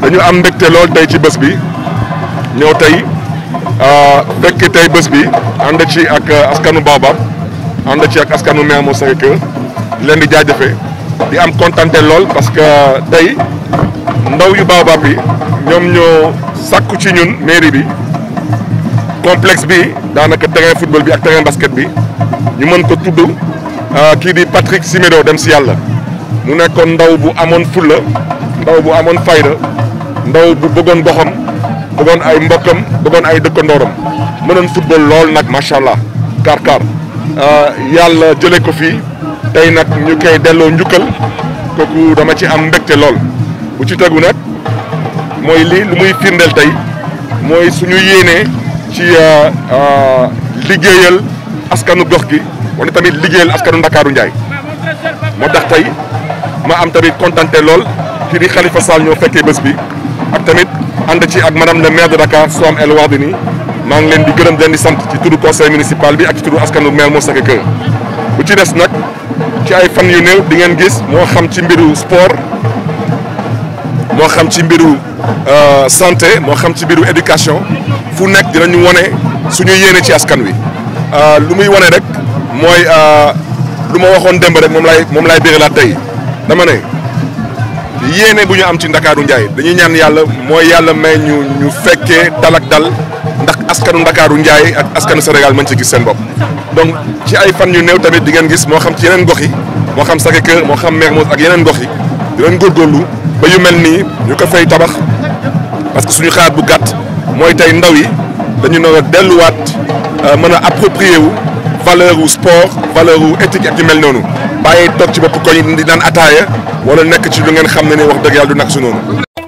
dañu am mbégte lool tey ci bés bi ñëw tey ah, fekk tey bés bi ànd ci ak ah, askanu Baobab ànd ci ak askanu Mermoz Sacré-Cœur leen di jaajafe di am kontante lool parce que tey ndaw yu Baobab yi ñoom ñoo sàkku ci ñun mairie bi complexe bi daanaka terrain football bi ak terrain basket bi ñu mën ko tudd ah, kii di Patrick Simedo dem si yàlla mu nekkoon ndaw bu amoon fulla ndaw bu amoon fayda ndaw bu bëggoon goxam bëggoon ay mbokkam bëggoon ay dëkkandooram mënoon football lool nag macha allah kaar kaar ah, yàlla jëlee ko fii tey nag ñu koy delloo njukkal kooku dama ci am mbégte lool bu ci tegu nag mooy lii lu muy firndeel tey mooy suñu yéenee ci ah, ah, liggéeyal askanu gox gi wala tamit liggéeyal askanu Ndakaaru Njaay moo tax tey ma am tamit kontaan lool ci di xalifa Sall ñoo fekkee bés bi ak tamit ànd ci ak madame le maire de Dakar Soham El Wardini maa ngi leen di gërëm di leen di sant ci turu conseil municipal bi ak ci turu askanu maire moo sake kër bu ci des nag ci ay fan yu néew di ngeen gis moo xam ci mbiru sport moo xam ci mbiru euh, santé moo xam ci mbiru éducation fu nekk dinañu wane suñu yéene ci askan wi euh, lu muy wane rek mooy euh, lu ma waxoon démb rek moom lay moom laay birilaat tey dama ne yéene bu ñu am ci ndakaaru Ndiaye dañuy ñaan yàlla moo yàlla may ñu ñu fekkee dal ak dal ndax askanu ndakaaru Ndiaye ak askanu Sénégal mën ci gis seen bopp. donc ci ay fan yu new tamit di ngeen gis moo xam ci yeneen gox yi moo xam Sacré-Cœur moo xam Mermoz ak yeneen gox yi di leen góorgóorlu ba yu mel nii ñu ko fay tabax parce que suñu xaat bu gàtt mooy tey ndaw yi dañu nar a delluwaat euh, mën a approprier wu valeur wu sport valeur wu éthique ak yu mel noonu. bàyyi toog ci bopp koñ di naan ataaya wala nekk ci lu ngeen xam ne ni wax dëgg yàlla du nag su noonu